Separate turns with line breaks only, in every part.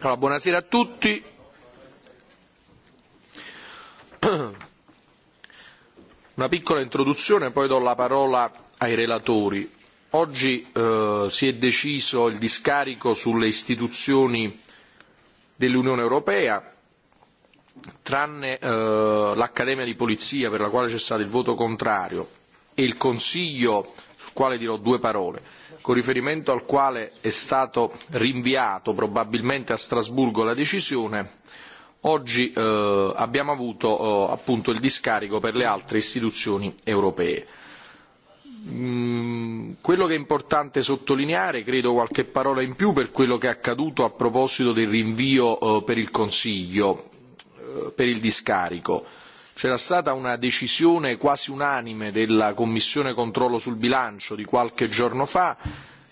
Allora, buonasera a tutti. Una piccola introduzione, poi do la parola ai relatori. Oggi eh, si è deciso il discarico sulle istituzioni dell'Unione Europea, tranne eh, l'Accademia di Polizia per la quale c'è stato il voto contrario e il Consiglio sul quale dirò due parole con riferimento al quale è stato rinviato probabilmente a Strasburgo la decisione, oggi eh, abbiamo avuto eh, appunto il discarico per le altre istituzioni europee. quello che è importante sottolineare, credo qualche parola in più per quello che è accaduto a proposito del rinvio per il Consiglio, per il discarico C'era stata una decisione quasi unanime della Commissione controllo sul bilancio di qualche giorno fa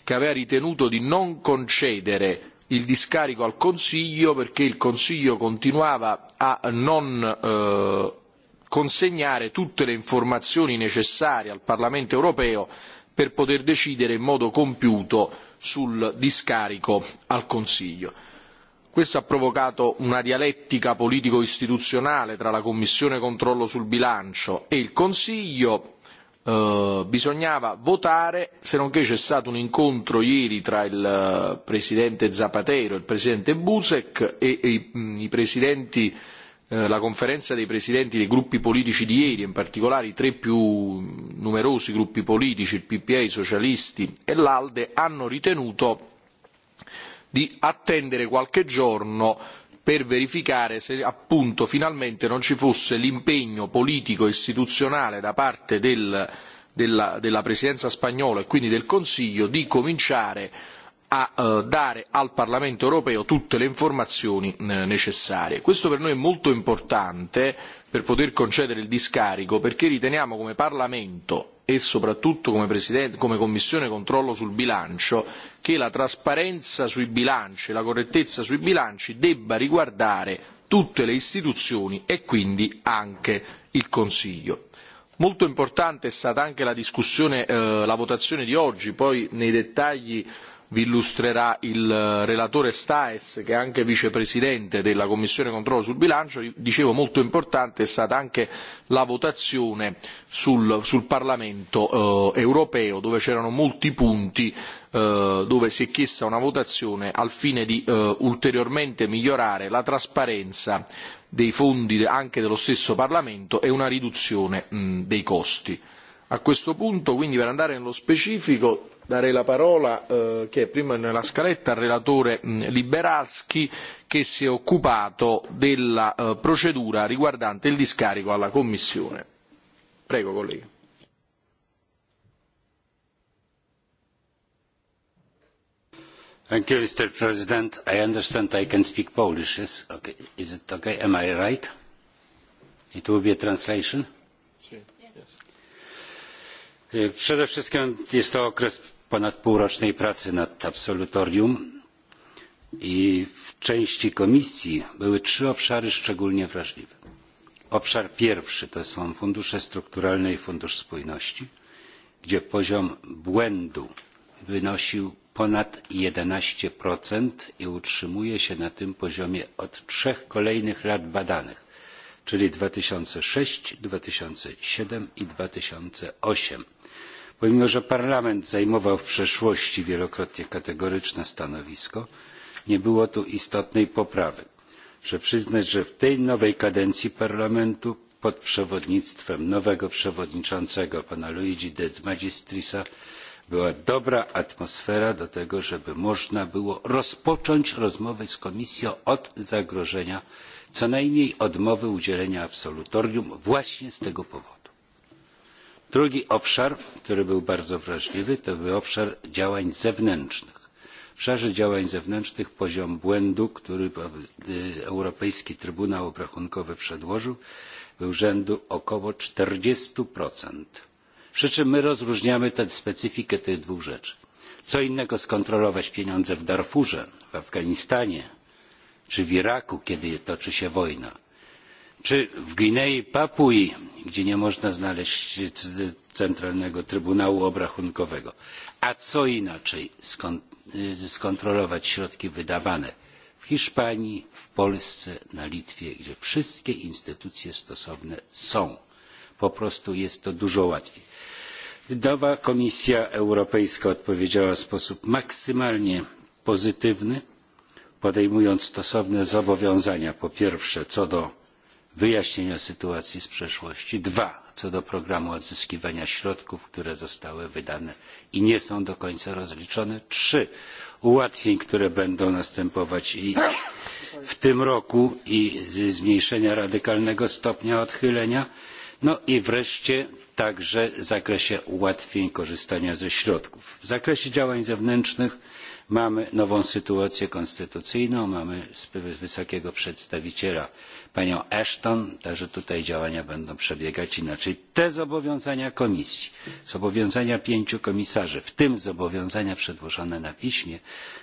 che aveva ritenuto di non concedere il discarico al Consiglio perché il Consiglio continuava a non consegnare tutte le informazioni necessarie al Parlamento europeo per poter decidere in modo compiuto sul discarico al Consiglio. Questo ha provocato una dialettica politico-istituzionale tra la Commissione controllo sul bilancio e il Consiglio. bisognava votare, se non che c'è stato un incontro ieri tra il Presidente Zapatero, il Presidente Buzek e, i, Presidenti la conferenza dei presidenti dei gruppi politici di ieri, in particolare i tre più numerosi gruppi politici, il PPA, i socialisti e l'Alde, hanno ritenuto di attendere qualche giorno per verificare se appunto finalmente non ci fosse l'impegno politico istituzionale da parte della, Presidenza spagnola e quindi del Consiglio di cominciare a dare al Parlamento europeo tutte le informazioni necessarie. Questo per noi è molto importante per poter concedere il discarico perché riteniamo come Parlamento e soprattutto come, Commissione controllo sul bilancio che la trasparenza sui bilanci e la correttezza sui bilanci debba riguardare tutte le istituzioni e quindi anche il Consiglio. Molto importante è stata anche la discussione, la votazione di oggi, poi nei dettagli vi illustrerà il relatore Staes, che è anche vicepresidente della Commissione controllo sul bilancio, dicevo molto importante è stata anche la votazione sul, Parlamento europeo, dove c'erano molti punti dove si è chiesta una votazione al fine di ulteriormente migliorare la trasparenza dei fondi anche dello stesso Parlamento e una riduzione dei costi. A questo punto, quindi per andare nello specifico, darei la parola, eh, che è prima nella scaletta, al relatore Liberalski che si è occupato della eh, procedura riguardante il discarico alla Commissione. Prego, collega.
Thank you, Mr. President. I understand I can speak Polish. yes, okay. Is it okay? Am I right? It will be a translation? Przede wszystkim jest to okres ponad półrocznej pracy nad absolutorium i w części komisji były trzy obszary szczególnie wrażliwe. Obszar pierwszy to są fundusze strukturalne i fundusz spójności, gdzie poziom błędu wynosił ponad jedenaście i utrzymuje się na tym poziomie od trzech kolejnych lat badanych, czyli sześć, tysiące siedem i osiem. Pomimo, że Parlament zajmował w przeszłości wielokrotnie kategoryczne stanowisko, nie było tu istotnej poprawy. Muszę przyznać, że w tej nowej kadencji Parlamentu pod przewodnictwem nowego przewodniczącego pana Luigi de Magistrisa była dobra atmosfera do tego, żeby można było rozpocząć rozmowy z Komisją od zagrożenia, co najmniej odmowy udzielenia absolutorium właśnie z tego powodu drugi obszar który był bardzo wrażliwy to był obszar działań zewnętrznych. w obszarze działań zewnętrznych poziom błędu który europejski trybunał obrachunkowy przedłożył był rzędu około czterdzieści przy czym my rozróżniamy tę specyfikę tych dwóch rzeczy co innego skontrolować pieniądze w darfurze w afganistanie czy w iraku kiedy toczy się wojna Czy w Gwinei Papui, gdzie nie można znaleźć Centralnego Trybunału Obrachunkowego, a co inaczej skontrolować środki wydawane w Hiszpanii, w Polsce, na Litwie, gdzie wszystkie instytucje stosowne są. Po prostu jest to dużo łatwiej. Nowa Komisja Europejska odpowiedziała w sposób maksymalnie pozytywny, podejmując stosowne zobowiązania po pierwsze co do wyjaśnienia sytuacji z przeszłości. Dwa, co do programu odzyskiwania środków, które zostały wydane i nie są do końca rozliczone. Trzy, ułatwień, które będą następować i w tym roku i zmniejszenia radykalnego stopnia odchylenia. No i wreszcie także w zakresie ułatwień korzystania ze środków. W zakresie działań zewnętrznych mamy nową sytuację konstytucyjną, mamy wysokiego przedstawiciela panią Ashton, także tutaj działania będą przebiegać inaczej. Te zobowiązania komisji, zobowiązania pięciu komisarzy, w tym zobowiązania przedłożone na piśmie,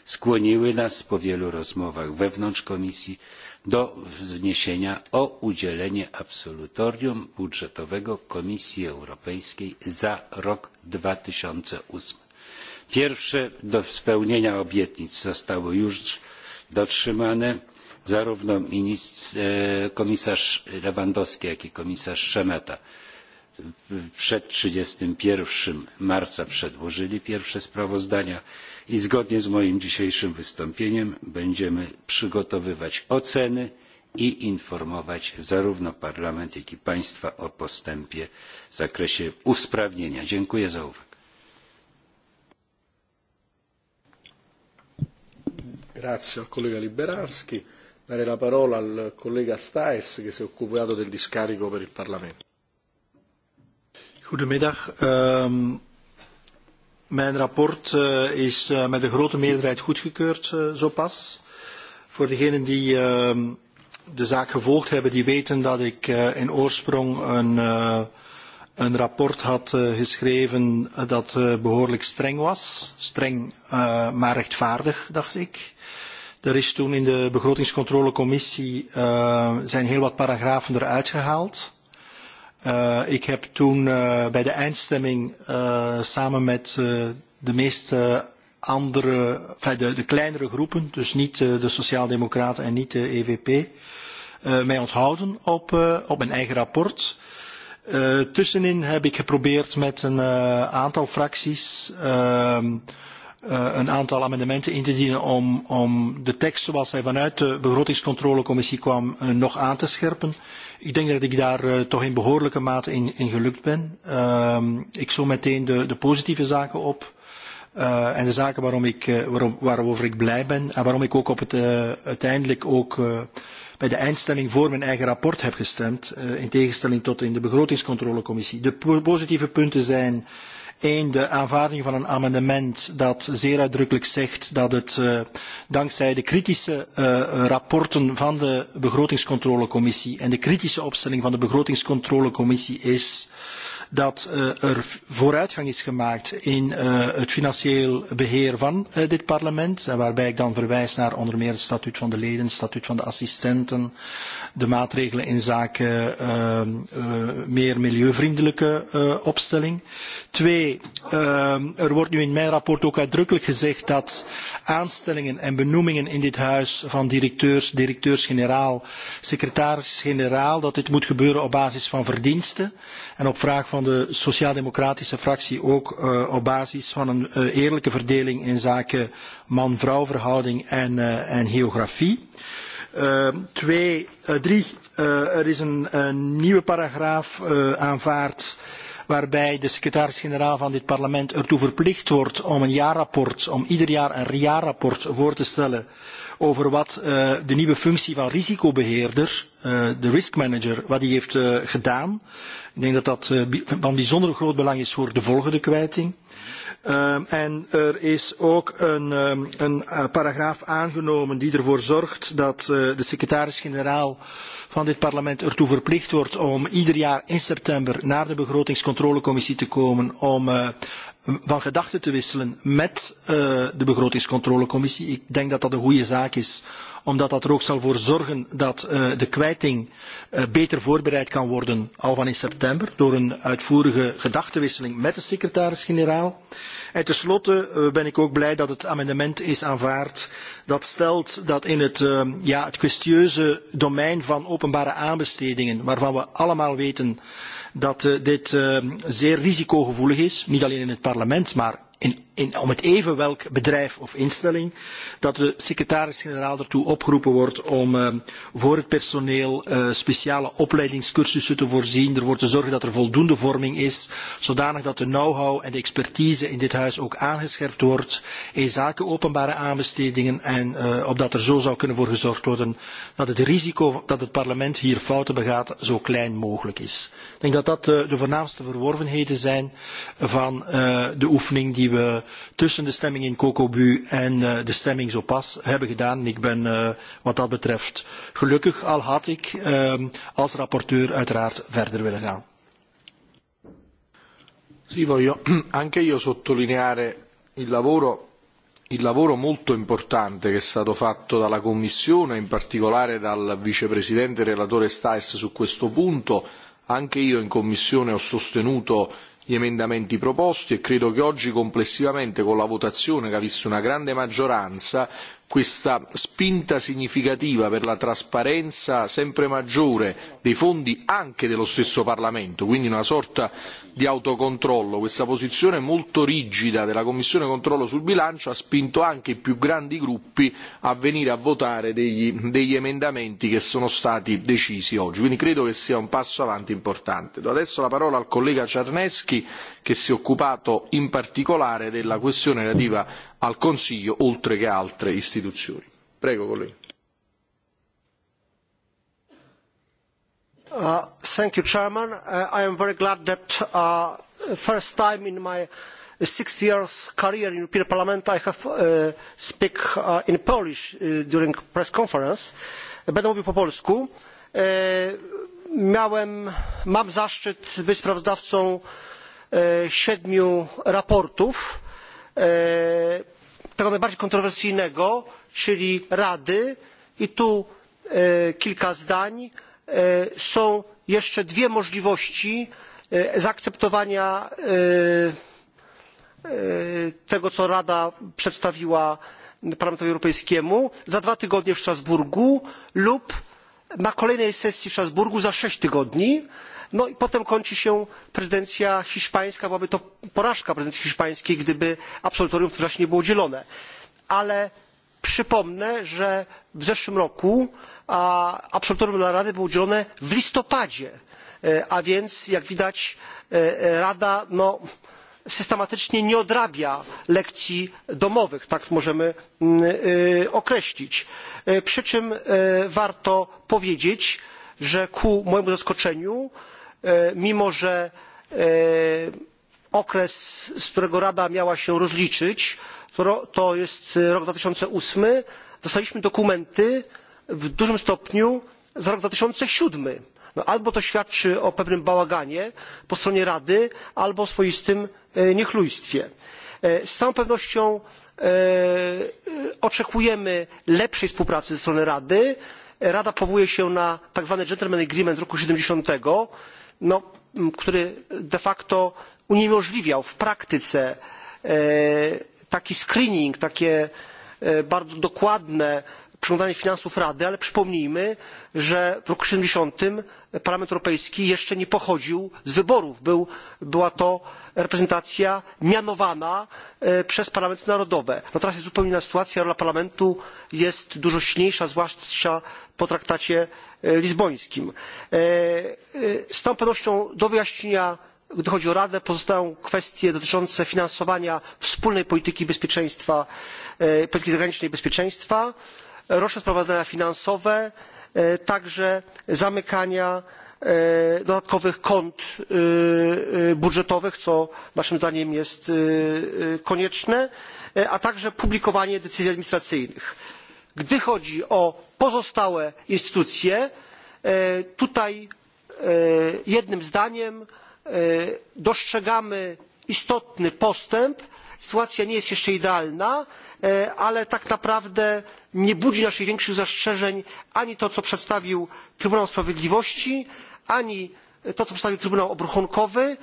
skłoniły nas po wielu rozmowach wewnątrz komisji do wniesienia o udzielenie absolutorium budżetowego Komisji Europejskiej za rok 2008. Pierwsze do spełnienia obietnic zostały już dotrzymane. Zarówno komisarz Lewandowski, jak i komisarz Szemeta przed 31 marca przedłożyli pierwsze sprawozdania i zgodnie z moim dzisiejszym wystąpieniem będziemy przygotowywać oceny i informować zarówno Parlament, jak i Państwa o postępie w zakresie usprawnienia. Dziękuję za uwagę.
Grazie al collega Liberanski. la parola al collega Staes che si è occupato del discarico per il Parlamento.
Goedemiddag. mijn rapport is met een grote meerderheid goedgekeurd zo pas. Voor degenen die de zaak gevolgd hebben, die weten dat ik in oorsprong een, een rapport had geschreven dat behoorlijk streng was. Streng, maar rechtvaardig, dacht ik. Er is toen in de begrotingscontrolecommissie zijn heel wat paragrafen eruit gehaald ik heb toen bij de eindstemming samen met de meeste andere, enfin de, de kleinere groepen, dus niet de Sociaaldemocraten en niet de EVP, mij onthouden op, op mijn eigen rapport. tussenin heb ik geprobeerd met een aantal fracties een aantal amendementen in te dienen om, om de tekst zoals hij vanuit de begrotingscontrolecommissie kwam nog aan te scherpen. Ik denk dat ik daar toch in behoorlijke mate in, in gelukt ben. ik zo meteen de, de positieve zaken op en de zaken waarom ik, waarom, waarover ik blij ben en waarom ik ook op het, uiteindelijk ook bij de eindstemming voor mijn eigen rapport heb gestemd, in tegenstelling tot in de begrotingscontrolecommissie. De positieve punten zijn Eén, de aanvaarding van een amendement dat zeer uitdrukkelijk zegt dat het dankzij de kritische rapporten van de begrotingscontrolecommissie en de kritische opstelling van de begrotingscontrolecommissie is dat er vooruitgang is gemaakt in het financieel beheer van dit parlement. Waarbij ik dan verwijs naar onder meer het statuut van de leden, het statuut van de assistenten, de maatregelen in zaken meer milieuvriendelijke opstelling. Twee, er wordt nu in mijn rapport ook uitdrukkelijk gezegd dat aanstellingen en benoemingen in dit huis van directeurs, directeurs-generaal, secretaris-generaal, dat dit moet gebeuren op basis van verdiensten en op vraag van van de sociaal-democratische fractie ook op basis van een eerlijke verdeling in zaken man-vrouw verhouding en, geografie. twee, drie, er is een, nieuwe paragraaf aanvaard waarbij de secretaris-generaal van dit parlement ertoe verplicht wordt om een jaarrapport, om ieder jaar een jaarrapport voor te stellen over wat de nieuwe functie van risicobeheerder, de risk manager, wat die heeft gedaan. Ik denk dat dat van bijzonder groot belang is voor de volgende kwijting en er is ook een, paragraaf aangenomen die ervoor zorgt dat de secretaris-generaal van dit parlement ertoe verplicht wordt om ieder jaar in september naar de begrotingscontrolecommissie te komen om van gedachten te wisselen met de begrotingscontrolecommissie. Ik denk dat dat een goede zaak is omdat dat er ook zal voor zorgen dat de kwijting beter voorbereid kan worden, al van in september, door een uitvoerige gedachtenwisseling met de secretaris-generaal. En tenslotte ben ik ook blij dat het amendement is aanvaard dat stelt dat in het, ja, het kwestieuze domein van openbare aanbestedingen, waarvan we allemaal weten dat dit zeer risicogevoelig is, niet alleen in het parlement, maar in, in, om het even welk bedrijf of instelling, dat de secretaris-generaal ertoe opgeroepen wordt om uh, voor het personeel uh, speciale opleidingscursussen te voorzien, ervoor te zorgen dat er voldoende vorming is, zodanig dat de know-how en de expertise in dit huis ook aangescherpt wordt in zaken openbare aanbestedingen en uh, opdat er zo zou kunnen voor gezorgd worden dat het risico dat het parlement hier fouten begaat zo klein mogelijk is. Ik denk dat dat uh, de voornaamste verworvenheden zijn van uh, de oefening die we tussen de stemming in Kokobu en uh, de stemming zo pas hebben gedaan. Ik ben uh, wat dat betreft gelukkig, al had ik uh, als rapporteur uiteraard verder willen gaan.
Sì, voglio anche io sottolineare il lavoro il lavoro molto importante che è stato fatto dalla Commissione, in particolare dal Vicepresidente Relatore Stais su questo punto. Anche io in Commissione ho sostenuto gli emendamenti proposti e credo che oggi complessivamente con la votazione che ha visto una grande maggioranza questa spinta significativa per la trasparenza sempre maggiore dei fondi anche dello stesso Parlamento, quindi una sorta di autocontrollo. Questa posizione molto rigida della Commissione controllo sul bilancio ha spinto anche i più grandi gruppi a venire a votare degli, emendamenti che sono stati decisi oggi. Quindi credo che sia un passo avanti importante. Do adesso la parola al collega Czarneschi che si è occupato in particolare della questione relativa al Consiglio oltre che a altre istituzioni. Prego, collega.
Uh, thank you, Chairman. Uh, I am very glad that uh, first time in my six years career in European Parliament I have uh, speak uh, in Polish uh, during press conference. Będę mówił po polsku. Uh, miałem, mam zaszczyt być sprawozdawcą siedmiu raportów tego najbardziej kontrowersyjnego czyli rady i tu kilka zdań są jeszcze dwie możliwości zaakceptowania tego co rada przedstawiła parlamentowi europejskiemu za dwa tygodnie w strasburgu lub na kolejnej sesji w strasburgu za sześć tygodni. No i potem kończy się prezydencja hiszpańska. Byłaby to porażka prezydencji hiszpańskiej, gdyby absolutorium w tym czasie nie było udzielone. Ale przypomnę, że w zeszłym roku absolutorium dla Rady było udzielone w listopadzie. A więc jak widać Rada systematycznie nie odrabia lekcji domowych, tak możemy określić. Przy czym warto powiedzieć, że ku mojemu zaskoczeniu mimo że okres z którego rada miała się rozliczyć to jest rok dwa tysiące osiem dostaliśmy dokumenty w dużym stopniu za rok dwa tysiące siedem albo to świadczy o pewnym bałaganie po stronie rady albo o swoistym niechlujstwie. z całą pewnością oczekujemy lepszej współpracy ze strony rady rada powołuje się na tak zwany gentlemen's agreement z roku tysiąc dziewięćset siedemdziesiąt który de facto uniemożliwiał w praktyce taki screening, takie bardzo dokładne przeglądanie finansów Rady, ale przypomnijmy, że w roku 70 Parlament Europejski jeszcze nie pochodził z wyborów. była to reprezentacja mianowana przez parlamenty narodowe. No teraz jest zupełnie inna sytuacja, rola Parlamentu jest dużo silniejsza, zwłaszcza po traktacie lizbońskim. Z całą pewnością do wyjaśnienia gdy chodzi o radę pozostają kwestie dotyczące finansowania wspólnej polityki bezpieczeństwa polityki zagranicznej i bezpieczeństwa roczne sprawozdania finansowe także zamykania dodatkowych kont budżetowych co naszym zdaniem jest konieczne a także publikowanie decyzji administracyjnych. gdy chodzi o pozostałe instytucje tutaj jednym zdaniem dostrzegamy istotny postęp Sytuacja nie jest jeszcze idealna, ale tak naprawdę nie budzi naszych większych zastrzeżeń ani to, co przedstawił Trybunał Sprawiedliwości, ani to, co przedstawił Trybunał Obrachunkowy,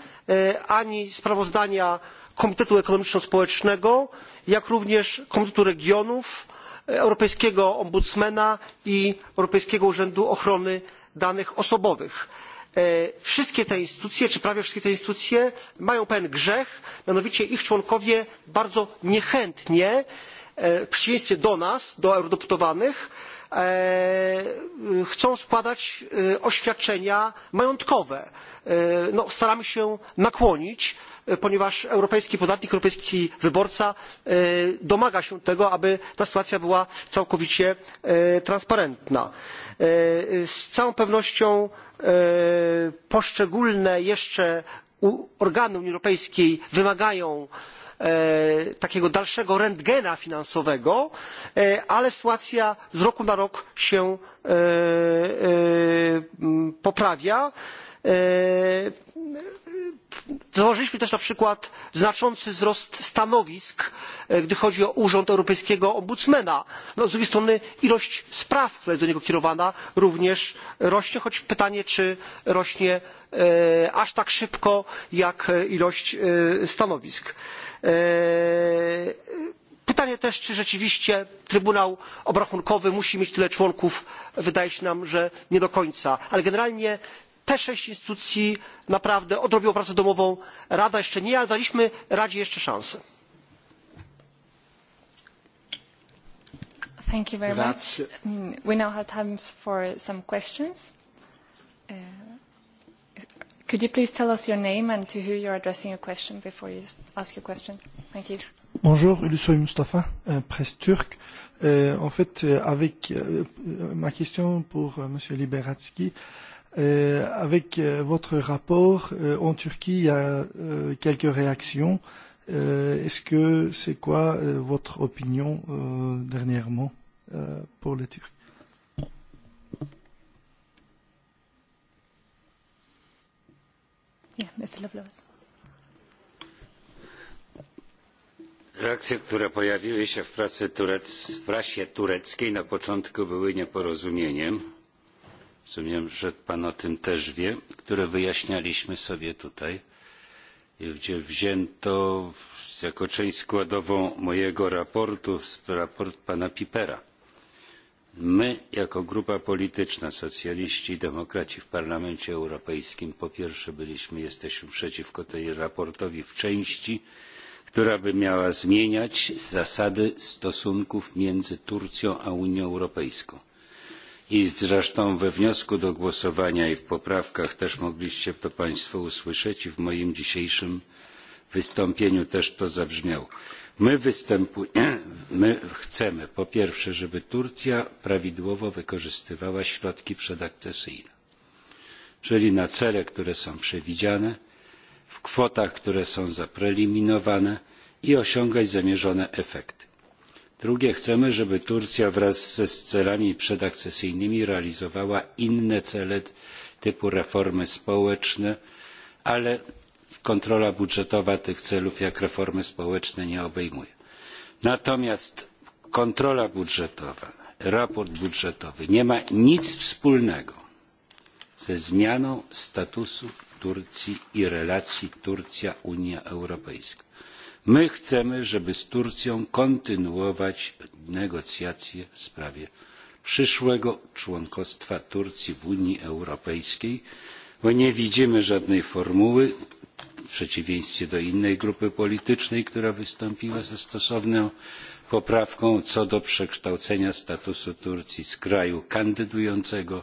ani sprawozdania Komitetu Ekonomiczno Społecznego, jak również Komitetu Regionów, Europejskiego Ombudsmana i Europejskiego Urzędu Ochrony Danych Osobowych wszystkie te instytucje czy prawie wszystkie te instytucje mają pewien grzech mianowicie ich członkowie bardzo niechętnie w przeciwieństwie do nas do eurodeputowanych chcą składać oświadczenia majątkowe. staramy się nakłonić ponieważ europejski podatnik, europejski wyborca domaga się tego, aby ta sytuacja była całkowicie transparentna. Z całą pewnością poszczególne jeszcze organy Unii Europejskiej wymagają takiego dalszego rentgena finansowego ale sytuacja z roku na rok się poprawia Zauważyliśmy też na przykład znaczący wzrost stanowisk, gdy chodzi o Urząd Europejskiego Ombudsmana. z drugiej strony ilość spraw, która jest do niego kierowana, również rośnie, choć pytanie, czy rośnie aż tak szybko, jak ilość stanowisk. Pytanie też, czy rzeczywiście Trybunał Obrachunkowy musi mieć tyle członków. Wydaje się nam, że nie do końca. Ale generalnie te sześć instytucji naprawdę odrobiło pracę domową rada jeszcze nie ale daliśmy radzie jeszcze szansę. Thank you very much. We now have time for some questions. Could you please tell us your name and to who you're addressing your question before you ask your question? Thank you.
Bonjour, Ulusoy Mustafa, presse turque. en fait, avec ma question pour Liberatsky, Euh, avec votre rapport euh, en Turquie, il y a euh, quelques réactions. Euh, Est-ce que c'est quoi euh, votre opinion euh, dernièrement euh, pour les Turcs
Reakcje, które pojawiły się w prasie tureckiej na początku były nieporozumieniem Rozumiem, że Pan o tym też wie, które wyjaśnialiśmy sobie tutaj, gdzie wzięto jako część składową mojego raportu, raport Pana Pipera. My, jako grupa polityczna Socjaliści i Demokraci w Parlamencie Europejskim, po pierwsze byliśmy, jesteśmy przeciwko tej raportowi w części, która by miała zmieniać zasady stosunków między Turcją a Unią Europejską I zresztą we wniosku do głosowania i w poprawkach też mogliście to Państwo usłyszeć i w moim dzisiejszym wystąpieniu też to zabrzmiało. My, chcemy po pierwsze, żeby Turcja prawidłowo wykorzystywała środki przedakcesyjne, czyli na cele, które są przewidziane, w kwotach, które są zapreliminowane i osiągać zamierzone efekty Drugie, chcemy, żeby Turcja wraz ze celami przedakcesyjnymi realizowała inne cele typu reformy społeczne, ale kontrola budżetowa tych celów jak reformy społeczne nie obejmuje. Natomiast kontrola budżetowa, raport budżetowy nie ma nic wspólnego ze zmianą statusu Turcji i relacji Turcja-Unia Europejska. My chcemy, żeby z Turcją kontynuować negocjacje w sprawie przyszłego członkostwa Turcji w Unii Europejskiej, bo nie widzimy żadnej formuły, w przeciwieństwie do innej grupy politycznej, która wystąpiła ze stosowną poprawką co do przekształcenia statusu Turcji z kraju kandydującego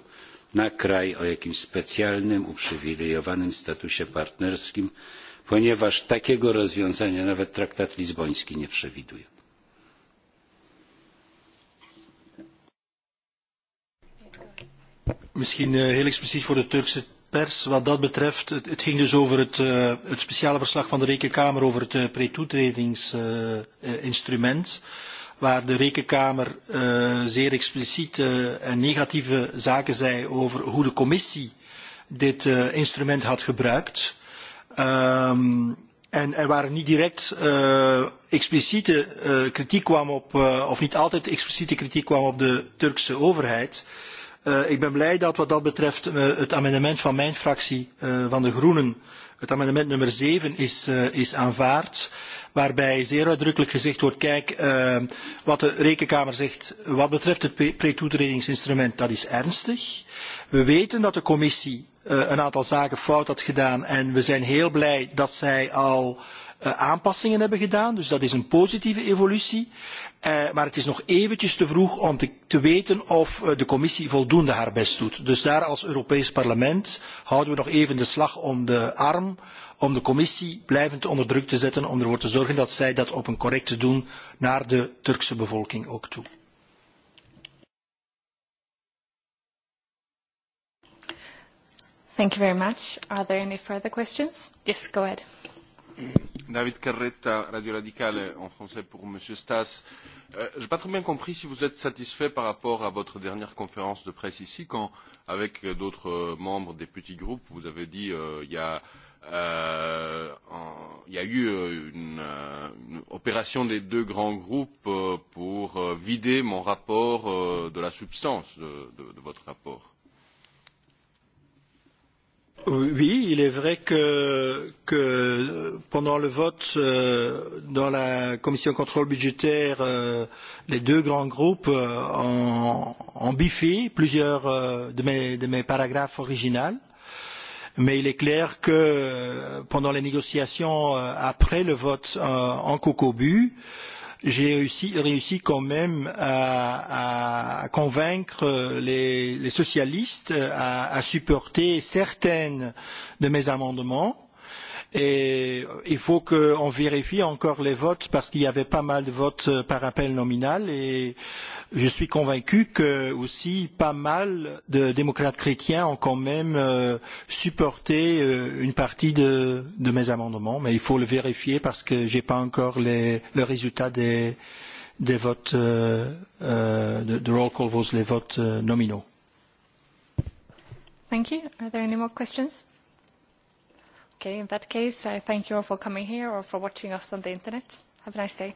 na kraj o jakimś specjalnym, uprzywilejowanym statusie partnerskim, ponieważ takiego rozwiązania nawet traktat lizboński nie przewiduje. Misschien heel
expliciet voor de Turkse pers wat dat betreft. Het, ging dus over het, speciale verslag van de Rekenkamer over het pre-toetredingsinstrument waar de Rekenkamer zeer expliciete en negatieve zaken zei over hoe de commissie dit instrument had gebruikt en er waren niet direct expliciete kritiek kwam op, of niet altijd expliciete kritiek kwam op de Turkse overheid. ik ben blij dat wat dat betreft het amendement van mijn fractie, van de Groenen, het amendement nummer zeven is, aanvaard. Waarbij zeer uitdrukkelijk gezegd wordt, kijk, wat de Rekenkamer zegt wat betreft het pre-toetredingsinstrument, dat is ernstig. We weten dat de commissie een aantal zaken fout had gedaan. En we zijn heel blij dat zij al aanpassingen hebben gedaan. Dus dat is een positieve evolutie. maar het is nog eventjes te vroeg om te, weten of de commissie voldoende haar best doet. Dus daar als Europees parlement houden we nog even de slag om de arm om de commissie blijvend onder druk te zetten om ervoor te zorgen dat zij dat op een correcte doen naar de Turkse bevolking ook toe.
Thank you very much. Are there any further questions? Yes, go ahead.
David Carretta, Radio Radicale, en français pour Monsieur Stas. je n'ai pas très bien compris si vous êtes satisfait par rapport à votre dernière conférence de presse ici, quand, avec d'autres membres des petits groupes, vous avez dit qu'il il y a eu une, opération des deux grands groupes pour vider mon rapport de la substance de, votre rapport.
Oui, il est vrai que, que pendant le vote dans la commission contrôle budgétaire, les deux grands groupes ont, ont biffé plusieurs de mes, de mes paragraphes originaux. Mais il est clair que pendant les négociations après le vote en cocobu, euh, j'ai réussi, réussi quand même à, à convaincre les, les socialistes à, à supporter certaines de mes amendements Et il faut qu'on vérifie encore les votes parce qu'il y avait pas mal de votes par appel nominal et je suis convaincu que aussi pas mal de démocrates chrétiens ont quand même supporté une partie de, mes amendements, mais il faut le vérifier parce que je n'ai pas encore le résultat des, votes, de, roll call votes, les votes nominaux.
Thank you. Are there any more questions? Okay, in that case, I thank you all for coming here or for watching us on the internet. Have a nice day.